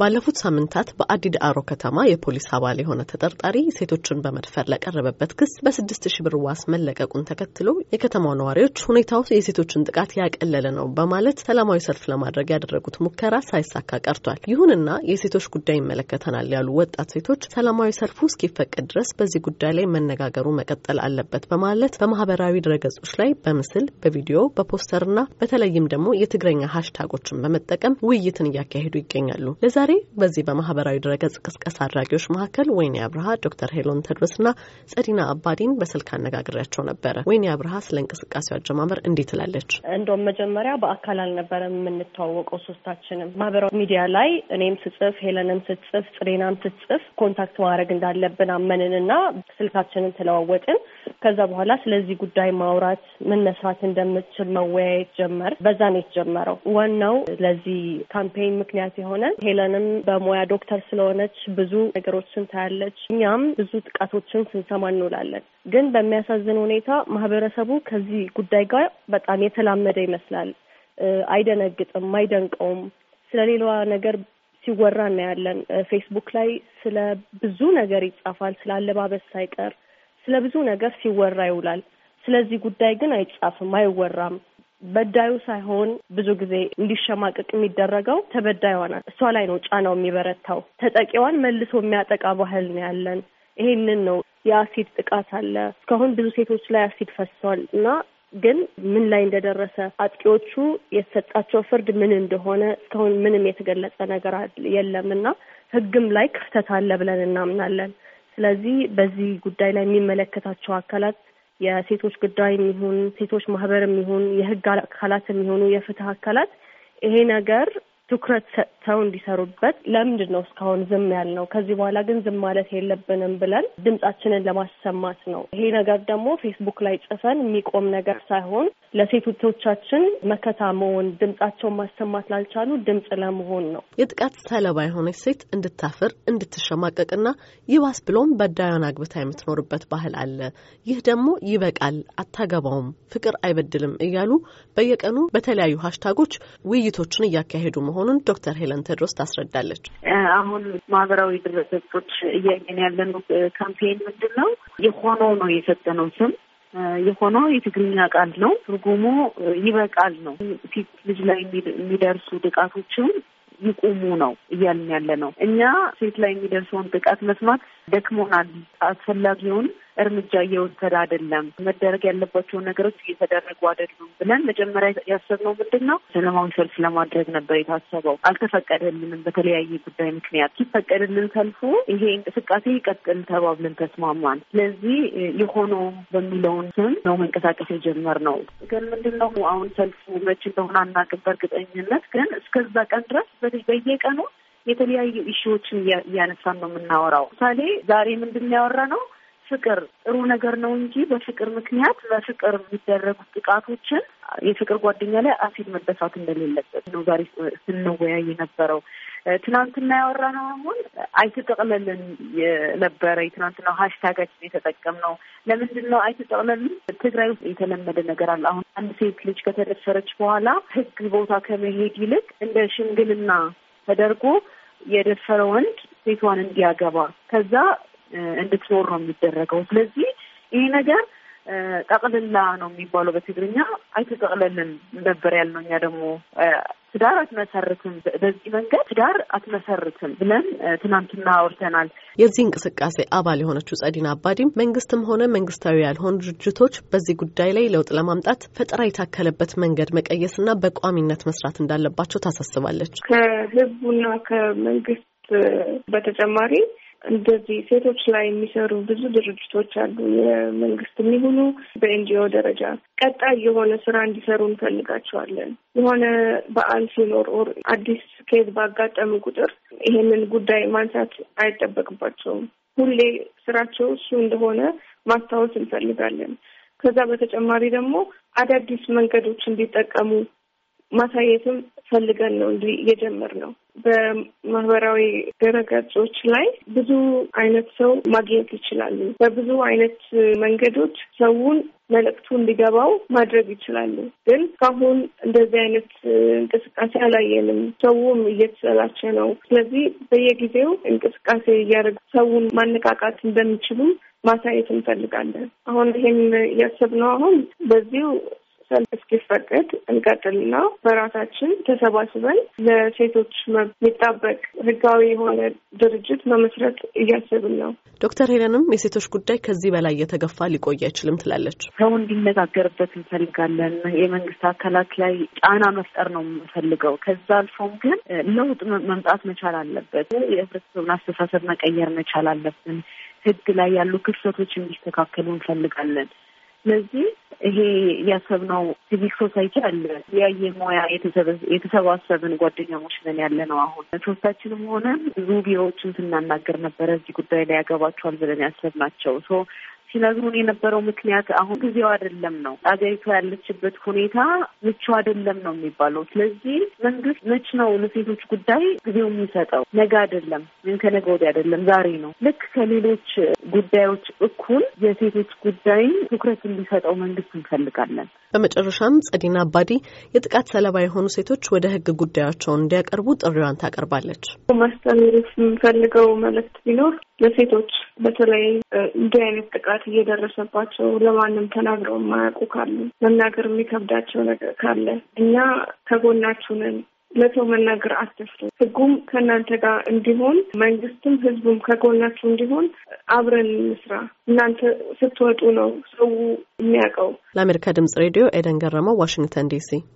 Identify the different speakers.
Speaker 1: ባለፉት ሳምንታት በአዲድ አሮ ከተማ የፖሊስ አባል የሆነ ተጠርጣሪ ሴቶችን በመድፈር ለቀረበበት ክስ በስድስት ሺህ ብር ዋስ መለቀቁን ተከትሎ የከተማው ነዋሪዎች ሁኔታው የሴቶችን ጥቃት ያቀለለ ነው በማለት ሰላማዊ ሰልፍ ለማድረግ ያደረጉት ሙከራ ሳይሳካ ቀርቷል። ይሁንና የሴቶች ጉዳይ ይመለከተናል ያሉ ወጣት ሴቶች ሰላማዊ ሰልፉ እስኪፈቀድ ድረስ በዚህ ጉዳይ ላይ መነጋገሩ መቀጠል አለበት በማለት በማህበራዊ ድረገጾች ላይ በምስል በቪዲዮ በፖስተርና በተለይም ደግሞ የትግረኛ ሀሽታጎችን በመጠቀም ውይይትን እያካሄዱ ይገኛሉ። ዛሬ በዚህ በማህበራዊ ድረገጽ ቅስቀሳ አድራጊዎች መካከል ወይኒ አብርሃ፣ ዶክተር ሄሎን ተድሮስና ጸዲና አባዲን በስልክ አነጋግሬያቸው ነበረ። ወይኒ አብርሃ ስለ እንቅስቃሴው አጀማመር እንዲህ ትላለች።
Speaker 2: እንደውም መጀመሪያ በአካል አልነበረም የምንተዋወቀው ሶስታችንም። ማህበራዊ ሚዲያ ላይ እኔም ስጽፍ፣ ሄለንም ስትጽፍ፣ ጽዴናም ስትጽፍ ኮንታክት ማድረግ እንዳለብን አመንንና ስልካችንን ተለዋወጥን። ከዛ በኋላ ስለዚህ ጉዳይ ማውራት ምን መስራት እንደምችል መወያየት ጀመር። በዛ ነው የተጀመረው። ዋናው ለዚህ ካምፔይን ምክንያት የሆነ ሄለንም በሙያ ዶክተር ስለሆነች ብዙ ነገሮችን ታያለች። እኛም ብዙ ጥቃቶችን ስንሰማ እንውላለን። ግን በሚያሳዝን ሁኔታ ማህበረሰቡ ከዚህ ጉዳይ ጋር በጣም የተላመደ ይመስላል። አይደነግጥም፣ አይደንቀውም። ስለሌሏ ነገር ሲወራ እናያለን። ፌስቡክ ላይ ስለ ብዙ ነገር ይጻፋል፣ ስለ አለባበስ ሳይቀር ስለ ብዙ ነገር ሲወራ ይውላል። ስለዚህ ጉዳይ ግን አይጻፍም፣ አይወራም። በዳዩ ሳይሆን ብዙ ጊዜ እንዲሸማቀቅ የሚደረገው ተበዳይዋ ናት። እሷ ላይ ነው ጫናው የሚበረታው። ተጠቂዋን መልሶ የሚያጠቃ ባህል ነው ያለን። ይሄንን ነው የአሲድ ጥቃት አለ። እስካሁን ብዙ ሴቶች ላይ አሲድ ፈሷል እና ግን ምን ላይ እንደደረሰ አጥቂዎቹ የተሰጣቸው ፍርድ ምን እንደሆነ እስካሁን ምንም የተገለጸ ነገር የለም እና ህግም ላይ ክፍተት አለ ብለን እናምናለን። ስለዚህ በዚህ ጉዳይ ላይ የሚመለከታቸው አካላት የሴቶች ጉዳይ የሚሆን ሴቶች ማህበር የሚሆን የህግ አካላት የሚሆኑ የፍትህ አካላት ይሄ ነገር ትኩረት ሰጥተው እንዲሰሩበት ለምንድን ነው እስካሁን ዝም ያልነው? ከዚህ በኋላ ግን ዝም ማለት የለብንም ብለን ድምጻችንን ለማሰማት ነው። ይሄ ነገር ደግሞ ፌስቡክ ላይ ጽፈን የሚቆም ነገር ሳይሆን ለሴቶቻችን
Speaker 1: መከታ መሆን፣ ድምጻቸውን ማሰማት ላልቻሉ ድምጽ ለመሆን ነው። የጥቃት ሰለባ የሆነች ሴት እንድታፍር እንድትሸማቀቅና ይባስ ብሎም በዳዩን አግብታ የምትኖርበት ባህል አለ። ይህ ደግሞ ይበቃል፣ አታገባውም፣ ፍቅር አይበድልም እያሉ በየቀኑ በተለያዩ ሀሽታጎች ውይይቶችን እያካሄዱ መሆ መሆኑን ዶክተር ሄለን ቴድሮስ ታስረዳለች።
Speaker 3: አሁን ማህበራዊ ድረገጾች እያየን ያለነው ካምፔን ምንድን ነው? የሆነው ነው የሰጠነው ስም የሆነው የትግርኛ ቃል ነው። ትርጉሙ ይበቃል ነው። ሴት ልጅ ላይ የሚደርሱ ጥቃቶችን ይቁሙ ነው እያልን ያለ ነው። እኛ ሴት ላይ የሚደርሰውን ጥቃት መስማት ደክሞናል። አስፈላጊውን እርምጃ እየወሰደ አይደለም፣ መደረግ ያለባቸውን ነገሮች እየተደረጉ አይደሉም ብለን መጀመሪያ ያሰብነው ምንድን ነው ሰላማዊ ሰልፍ ለማድረግ ነበር የታሰበው። አልተፈቀደልንም በተለያየ ጉዳይ ምክንያት። ሲፈቀድልን ሰልፉ ይሄ እንቅስቃሴ ይቀጥል ተባብለን ተስማማን። ስለዚህ የሆነው በሚለውን ስም ነው መንቀሳቀስ የጀመርነው። ግን ምንድን ነው አሁን ሰልፉ መች እንደሆነ አናውቅም በእርግጠኝነት ግን እስከዛ ቀን ድረስ በየቀኑ የተለያዩ ኢሹዎችን እያነሳን ነው የምናወራው። ምሳሌ ዛሬ ምንድን ያወራ ነው ፍቅር ጥሩ ነገር ነው እንጂ በፍቅር ምክንያት በፍቅር የሚደረጉ ጥቃቶችን የፍቅር ጓደኛ ላይ አሲድ መደፋት እንደሌለበት ነው ዛሬ ስንወያይ የነበረው። ትናንትና ያወራነው አሁን አይትጠቅለልን የነበረ የትናንትና ሀሽታጋችን የተጠቀምነው ለምንድን ነው? አይትጠቅለልን? ትግራይ ውስጥ የተለመደ ነገር አለ። አሁን አንድ ሴት ልጅ ከተደፈረች በኋላ ህግ ቦታ ከመሄድ ይልቅ እንደ ሽምግልና ተደርጎ የደፈረ ወንድ ሴቷን እንዲያገባ ከዛ እንድትኖር ነው የሚደረገው። ስለዚህ ይሄ ነገር ጠቅልላ ነው የሚባለው በትግርኛ አይተጠቅለልን
Speaker 1: ነበር ያልነው። እኛ ደግሞ ትዳር አትመሰርትም በዚህ መንገድ ትዳር አትመሰርትም ብለን ትናንትና አውርተናል። የዚህ እንቅስቃሴ አባል የሆነችው ጸዲና አባዲም መንግስትም ሆነ መንግስታዊ ያልሆኑ ድርጅቶች በዚህ ጉዳይ ላይ ለውጥ ለማምጣት ፈጠራ የታከለበት መንገድ መቀየስና በቋሚነት መስራት እንዳለባቸው ታሳስባለች።
Speaker 4: ከህዝቡና ከመንግስት በተጨማሪ እንደዚህ ሴቶች ላይ የሚሰሩ ብዙ ድርጅቶች አሉ። የመንግስት የሚሆኑ በኤንጂኦ ደረጃ ቀጣይ የሆነ ስራ እንዲሰሩ እንፈልጋቸዋለን። የሆነ በዓል ሲኖር ኦር አዲስ ኬዝ ባጋጠሙ ቁጥር ይሄንን ጉዳይ ማንሳት አይጠበቅባቸውም። ሁሌ ስራቸው እሱ እንደሆነ ማስታወስ እንፈልጋለን። ከዛ በተጨማሪ ደግሞ አዳዲስ መንገዶች እንዲጠቀሙ ማሳየትም ፈልገን ነው እንዲህ እየጀመር ነው። በማህበራዊ ድረገጾች ላይ ብዙ አይነት ሰው ማግኘት ይችላሉ። በብዙ አይነት መንገዶች ሰውን መልእክቱ እንዲገባው ማድረግ ይችላሉ። ግን እስካሁን እንደዚህ አይነት እንቅስቃሴ አላየንም። ሰውም እየተሰላቸ ነው። ስለዚህ በየጊዜው እንቅስቃሴ እያደረጉ ሰውን ማነቃቃት እንደሚችሉ ማሳየት እንፈልጋለን። አሁን እያሰብ እያሰብነው አሁን በዚሁ ሰልፍ እስኪፈቀድ እንቀጥልና በራሳችን ተሰባስበን ለሴቶች መብት የሚጣበቅ ህጋዊ የሆነ ድርጅት መመስረት
Speaker 1: እያሰብን ነው። ዶክተር ሄለንም የሴቶች ጉዳይ ከዚህ በላይ እየተገፋ ሊቆይ አይችልም ትላለች። ሰው እንዲነጋገርበት እንፈልጋለን። የመንግስት አካላት
Speaker 3: ላይ ጫና መፍጠር ነው የምንፈልገው። ከዛ አልፎም ግን ለውጥ መምጣት መቻል አለበት። የህብረተሰቡን አስተሳሰብ መቀየር መቻል አለብን። ህግ ላይ ያሉ ክፍተቶች እንዲስተካከሉ እንፈልጋለን። ስለዚህ ይሄ ያሰብነው ሲቪክ ሶሳይቲ አለ ያየ ሙያ የተሰባሰብን ጓደኛሞች ነን ያለ ነው። አሁን ሶስታችንም ሆነን ብዙ ቢሮዎችን ስናናገር ነበረ እዚህ ጉዳይ ላይ ያገባቸዋል ብለን ያሰብናቸው ሲነግሩን የነበረው ምክንያት አሁን ጊዜው አይደለም ነው፣ አገሪቱ ያለችበት ሁኔታ ምቹ አይደለም ነው የሚባለው። ስለዚህ መንግስት መች ነው ለሴቶች ጉዳይ ጊዜው የሚሰጠው? ነገ አይደለም ምን ከነገ ወዲያ አይደለም፣ ዛሬ ነው። ልክ ከሌሎች ጉዳዮች እኩል
Speaker 1: የሴቶች ጉዳይ ትኩረት እንዲሰጠው መንግስት እንፈልጋለን። በመጨረሻም ጸዲና አባዲ የጥቃት ሰለባ የሆኑ ሴቶች ወደ ህግ ጉዳያቸውን እንዲያቀርቡ ጥሪዋን ታቀርባለች።
Speaker 4: ማስተላለፍ የምንፈልገው መልእክት ቢኖር ለሴቶች በተለይ እንዲህ አይነት ጥቃት እየደረሰባቸው ለማንም ተናግረው የማያውቁ ካሉ መናገር የሚከብዳቸው ነገር ካለ እኛ ከጎናችሁንን ለሰው መናገር አትፍሩ። ህጉም ከእናንተ ጋር እንዲሆን መንግስትም ህዝቡም ከጎናችሁ እንዲሆን አብረን እንስራ። እናንተ ስትወጡ ነው ሰው የሚያውቀው።
Speaker 1: ለአሜሪካ ድምጽ ሬዲዮ ኤደን ገረመው፣ ዋሽንግተን ዲሲ